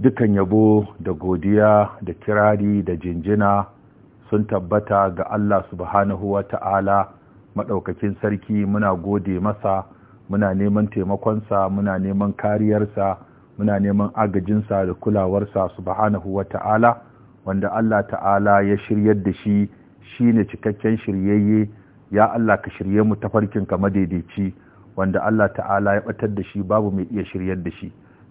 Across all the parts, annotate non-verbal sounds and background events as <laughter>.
dukan yabo da godiya da kirari da jinjina sun tabbata ga Allah subhanahu wa ta'ala maɗaukakin sarki muna gode masa muna neman taimakonsa muna neman kariyarsa muna neman agajinsa da kulawarsa subhanahu wa ta'ala wanda Allah ta'ala ya shiryar da shi shi ne cikakken shiryayye ya Allah ka shirye mu tafarkin ka madaidaici wanda Allah ta'ala ya batar da shi babu mai iya shiryar da shi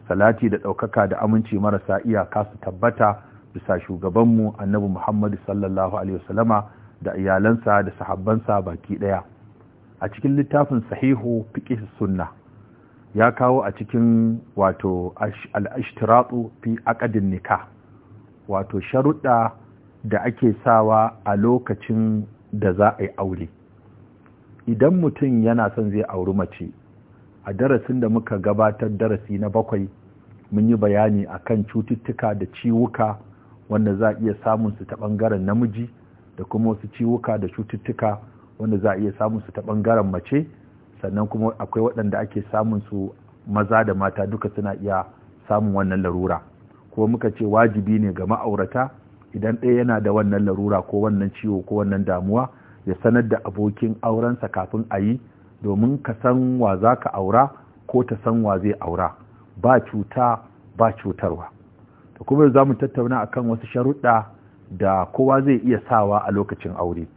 salati da ɗaukaka da aminci marasa iya kasu tabbata bisa shugabanmu annabi Muhammad sallallahu alaihi wasallama da iyalansa da sahabbansa baki ɗaya a cikin littafin sahihu fiqh sunna ya kawo a cikin wato al-ishtiratu fi aqdin nikah wato sharuɗa da ake sawa a lokacin da za a yi aure idan mutum yana son zai auri mace a darasin da muka gabatar darasi na bakwai mun yi bayani a kan cututtuka da ciwuka wanda za a iya samun su ta ɓangaren namiji da kuma wasu ciwuka da cututtuka wanda za a iya samun su ta ɓangaren mace sannan kuma akwai waɗanda ake samun su maza da mata duka suna iya samun wannan larura ko muka ce wajibi ne ga ma'aurata idan ɗaya yana da wannan larura ko wannan ciwo ko wannan damuwa ya sanar da abokin aurensa kafin a yi domin ka san wa za ka aura ko ta san wa zai aura ba cuta ba cutarwa Da kuma za mu tattauna akan wasu sharuɗa da kowa zai iya sawa a lokacin aure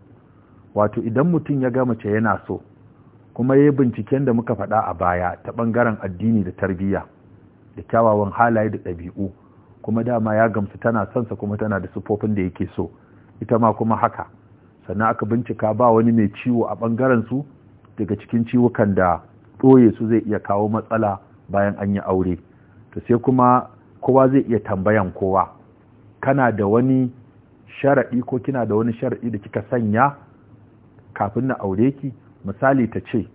wato idan mutum ya ga mace yana so kuma ya yi binciken da muka faɗa a baya ta ɓangaren addini da tarbiyya da kyawawan halaye da ɗabi'u kuma dama ya gamsu tana sonsa kuma tana da sufofin da yake so ita ma kuma haka sannan aka bincika ba wani mai ciwo a ɓangaren su daga cikin ciwukan da ɗoye su zai iya kawo matsala bayan an yi aure to sai kuma kowa zai iya tambayan kowa kana da wani sharaɗi ko kina da wani sharaɗi da kika sanya kafin na aure ki misali ta ce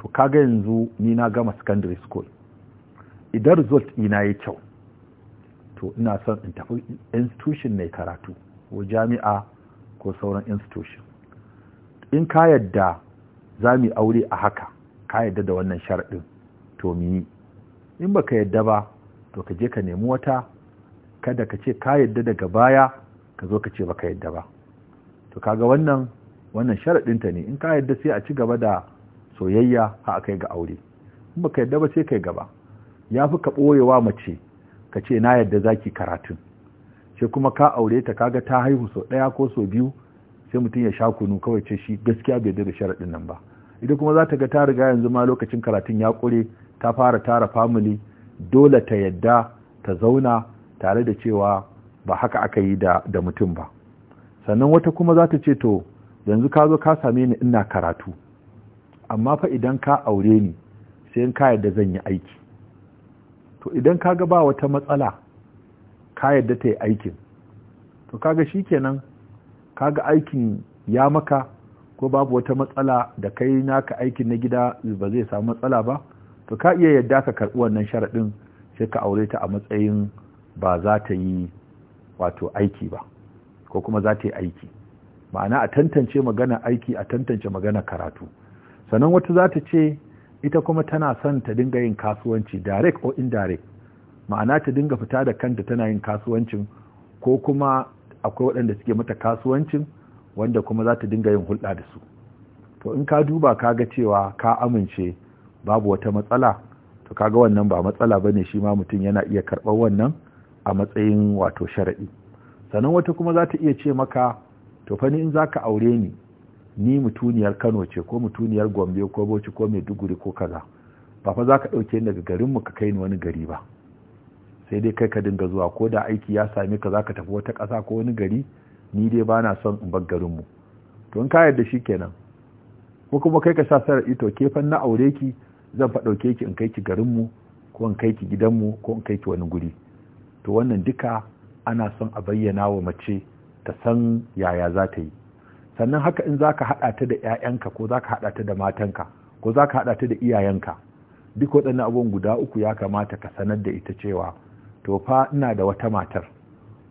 to kaga yanzu ni na gama secondary school idan result ina ya kyau to ina son in tafi institution mai karatu ko jami'a ko sauran institution in ka yadda za mu aure a haka ka yadda da wannan sharaɗin? to mu yi in baka yadda ba to ka je ka nemi wata kada ka ce ka yadda daga baya ka zo ka ce baka yadda ba to kaga wannan wannan sharaɗinta ne in ka yadda sai a ci gaba da soyayya a kai ga aure in baka yadda ba sai kai gaba ya fi ka ɓoyewa mace ka ce na yadda zaki karatun sai kuma ka aure ta kaga ta haihu sau ɗaya ko sau biyu sai mutum ya sha kunu kawai ce shi gaskiya bai da sharaɗin nan ba ita kuma za ta ga ta riga yanzu ma lokacin karatun ya ƙure ta fara tara family dole ta yadda ta zauna tare da cewa ba haka aka yi da, da mutum ba sannan wata kuma za ta ce to yanzu ka zo ka same ni ina karatu amma fa idan ka aure ni sai in ka yadda zan yi aiki to idan ka ga ba wata matsala ka yadda ta yi aikin to kaga shi kenan kaga aikin ya maka ko babu wata matsala da kai naka aikin na gida ba zai samu matsala ba to ka iya yadda ka karɓi wannan sharaɗin sai ka aure ta a matsayin ba za ta yi wato aiki ba ko kuma za ta yi aiki ma'ana a tantance magana aiki a tantance magana karatu sannan wata za ta ce ita kuma tana son ta dinga yin kasuwanci direct ko indirect ma'ana ta dinga fita da kanta tana yin kasuwancin ko kuma akwai waɗanda suke mata kasuwancin wanda kuma za ta dinga yin hulɗa da su to in ka duba ka ga cewa ka amince babu wata matsala to ga wannan ba matsala ba ne shi ma mutum yana iya karɓar wannan a matsayin wato sharaɗi sannan wata kuma za ta iya ce maka to fa ni in za ka aure ni ni mutuniyar kano ce ko mutuniyar gombe ko bauchi ko maiduguri ko kaza ba fa za ka ɗauke ni daga garinmu ka kai ni wani gari ba sai dai kai ka dinga zuwa ko da aiki ya sami ka za ka tafi wata ƙasa ko wani gari ni dai ba na son in bar garin to in ka yarda kenan ko kuma kai ka sa sarar ito ke fan na aure ki zan fa dauke ki in kai ki garinmu ko in kai ki gidanmu ko in kai ki wani guri to wannan duka ana son a bayyana wa mace ta san yaya za ta yi sannan haka in za ka haɗa ta da 'ya'yanka ko za ka haɗa ta da matanka ko za ka haɗa ta da iyayenka duk waɗannan abubuwan guda uku ya kamata ka sanar da ita cewa to fa ina da wata matar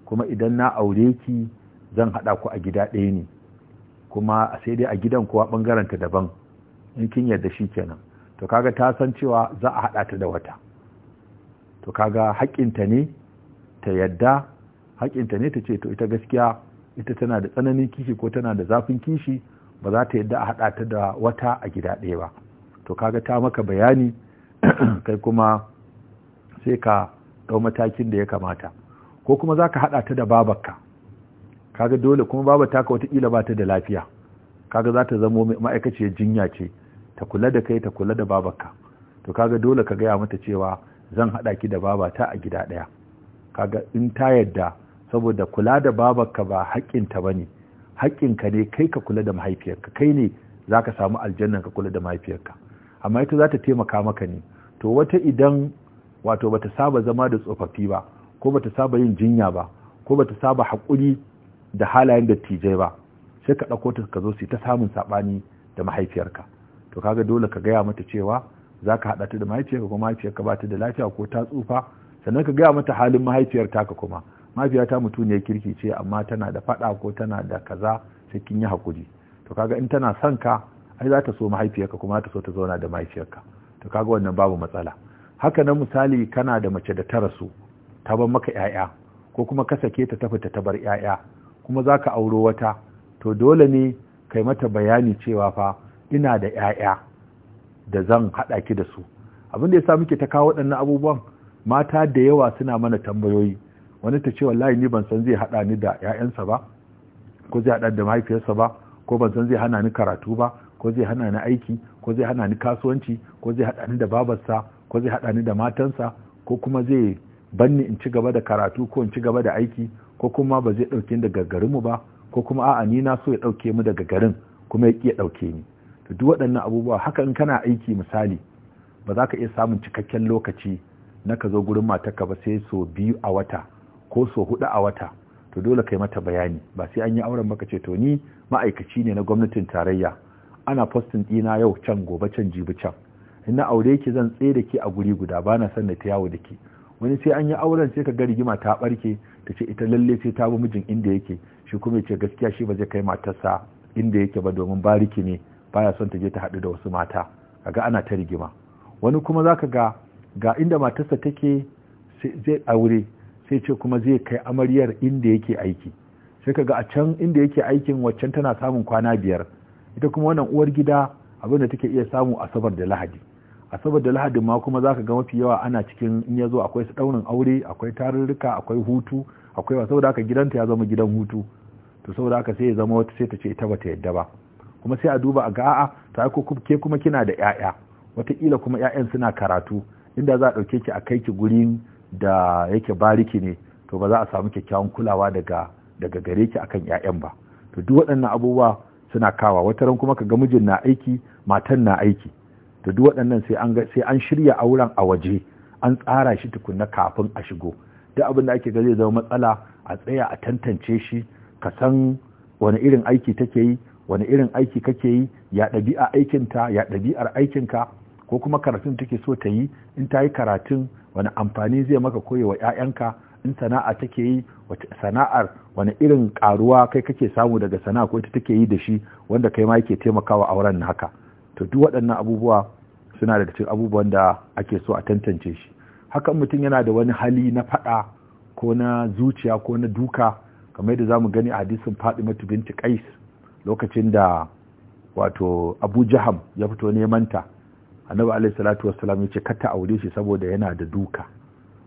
kuma idan na aure ki zan haɗa ku a gida ɗaya ne kuma sai dai a gidan kowa ta daban in kin yarda shi kenan to kaga ta san cewa za a haɗa ta da wata to kaga haƙƙinta ne ta yadda haƙƙinta ne ta ce to ita gaskiya ita tana da tsananin kishi ko tana da zafin kishi ba za ta yadda a haɗa ta da wata a gida ɗaya ba to kaga ta maka bayani <clears throat> kai kuma sai ka ɗau matakin da ya kamata ko kuma za ka haɗa ta da babarka kaga dole kuma babar ka watakila ba ta da lafiya kaga za ta zamo ma'aikaciyar jinya ce ta kula da kai ta kula da babarka to kaga dole ka gaya mata cewa zan haɗa ki da babata a gida ɗaya kaga in ta yadda saboda kula da babarka ba ta ba ne haƙƙinka ne kai ka kula da mahaifiyarka kai ne za ka samu aljannan ka kula da mahaifiyarka amma ita za ta taimaka maka ne to wata idan wato bata saba zama da tsofaffi ba ko bata saba yin jinya ba ko bata saba haƙuri da halayen dattijai ba sai ka ɗauko ta ka zo su ta samun saɓani da mahaifiyarka to kaga dole ka gaya mata cewa za ka haɗa ta da mahaifiyarka kuma mahaifiyarka ba ta da lafiya ko ta tsufa sannan ka gaya mata halin mahaifiyar ka kuma mahaifiyata mutum ne kirki ce amma tana da faɗa ko tana da kaza sai kin yi haƙuri to kaga in tana son ka ai za ta so mahaifiyarka kuma za ta so ta zauna da mahaifiyarka to kaga wannan babu matsala haka na misali kana da mace da ta rasu ta bar maka 'ya'ya ko kuma ka sake ta tafi ta bar 'ya'ya kuma za ka auro wata to dole ne kai mata bayani cewa fa ina da 'ya'ya da zan haɗa ki da su abin da ya sa muke ta kawo waɗannan abubuwan mata da yawa suna mana tambayoyi wani ta ce wallahi ni ban san zai haɗa ni da 'ya'yansa ba ko zai haɗa da mahaifiyarsa ba ko ban san zai hana ni karatu ba ko zai hana ni aiki ko zai hana ni kasuwanci ko zai hada ni da babarsa ko zai hada ni da matansa ko kuma zai banni in ci gaba da karatu ko in ci gaba da aiki ko kuma ba zai dauke ni daga garin mu ba ko kuma a'a ni na so ya dauke mu daga garin kuma ya kiya dauke ni to duk waɗannan abubuwa haka in kana aiki misali ba za ka iya samun cikakken lokaci na ka zo gurin matarka ba sai so biyu a wata ko so hudu a wata to dole kai mata bayani ba sai an yi auren baka ce to ni ma'aikaci ne na gwamnatin tarayya ana fostin ɗina yau can gobe can jibi can in na aure ki zan tsaye da ke a guri guda ba na son na ta yawo da ke wani sai an yi auren sai ka ga rigima ta barke ta ce ita lalle sai ta bi mijin inda yake shi kuma ya ce gaskiya shi ba zai kai matarsa inda yake ba domin bariki ne ba ya son ta je ta haɗu da wasu mata kaga ana ta rigima wani kuma zaka ga ga inda matarsa take zai aure sai ce kuma zai kai amaryar inda yake aiki sai kaga a can inda yake aikin waccan tana samun kwana biyar ita kuma wannan uwar gida abinda take iya samu asabar da lahadi asabar da lahadi ma kuma zaka ga mafi yawa ana cikin in ya zo akwai su daunin aure akwai tarurruka akwai hutu akwai wa saboda haka gidanta ya zama gidan hutu to saboda haka sai ya zama wata sai ta ce ita bata yadda ba kuma sai a duba a ga a'a ta ko ke kuma kina da 'ya'ya wataƙila kuma ƴaƴan suna karatu inda za a ɗauke ki a kai ki gurin da yake bariki ne to ba za a samu kyakkyawan kulawa daga daga gare ki akan ƴaƴan ba to duk waɗannan abubuwa suna kawa wata ran kuma kaga mijin na aiki matan na aiki to duk waɗannan sai an sai an shirya auren a waje an tsara shi tukunna kafin a shigo duk abin da ake ga zai zama matsala a tsaya a tantance shi ka san wani irin aiki take yi wani irin aiki kake yi ya ɗabi'a aikinta ya ɗabi'ar aikinka ko kuma karatun take so ta yi in ta yi karatun wani amfani zai maka koyewa 'ya'yanka in sana'a take yi wace sana'ar wani irin karuwa kai kake samu daga sana'a ko ita take yi da shi wanda kai ma yake taimakawa auren haka to duk waɗannan abubuwa suna daga cikin abubuwan da ake so a tantance shi hakan mutum yana da wani hali na faɗa ko na zuciya ko na duka kamar yadda zamu gani a hadisin Fatima binti Qais lokacin da wato Abu Jaham ya fito neman ta Annabi alaihi salatu wassalam ya ce kata aure shi saboda yana da duka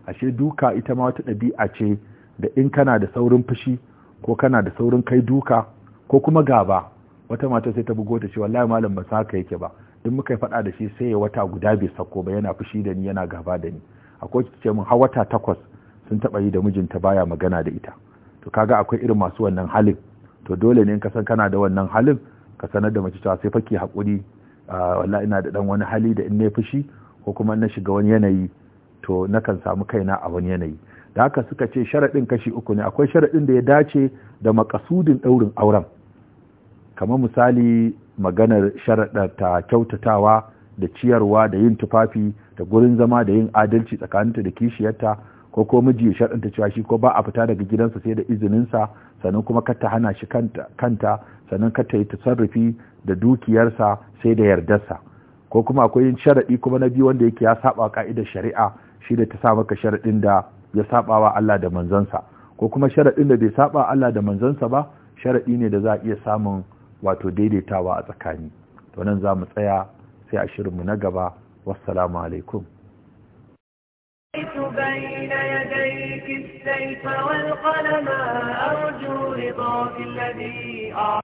ashe duka ita ma wata ɗabi'a ce da in kana da saurin fushi ko kana da saurin kai duka ko kuma gaba wata mata sai ta bugo ta ce wallahi malam ba sa ka yake ba in muka faɗa da shi sai ya wata guda bai sako ba yana fushi da ni yana gaba da ni akwai ce mun har wata takwas sun taɓa yi da mijinta baya magana da ita to kaga akwai irin masu wannan halin to dole ne in ka san kana da wannan halin ka sanar da mace cewa sai fake hakuri ah, wallahi ina da dan wani hali da in na fushi ko kuma na shiga wani yanayi to nakan samu kaina a wani yanayi da haka suka ce sharaɗin kashi uku ne akwai sharaɗin da ya dace da makasudin ɗaurin auren kamar misali maganar sharaɗa ta kyautatawa da ciyarwa da yin tufafi da gurin zama da yin adalci tsakaninta da kishiyarta ko ko miji ya ta cewa shi ko ba a fita daga gidansa sai da izininsa sannan kuma kata hana shi kanta sannan kata yi tasarrufi da dukiyarsa sai da yardarsa ko kuma akwai sharaɗi kuma na biyu wanda yake ya saɓa ka'idar shari'a shi da ta sa maka sharaɗin da ya saba wa Allah da manzansa ko kuma sharaɗin da bai saba Allah da manzansa ba sharaɗi ne da za a iya samun wato daidaitawa a tsakani to nan za mu tsaya sai a shirin mu na gaba wassalamu alaikum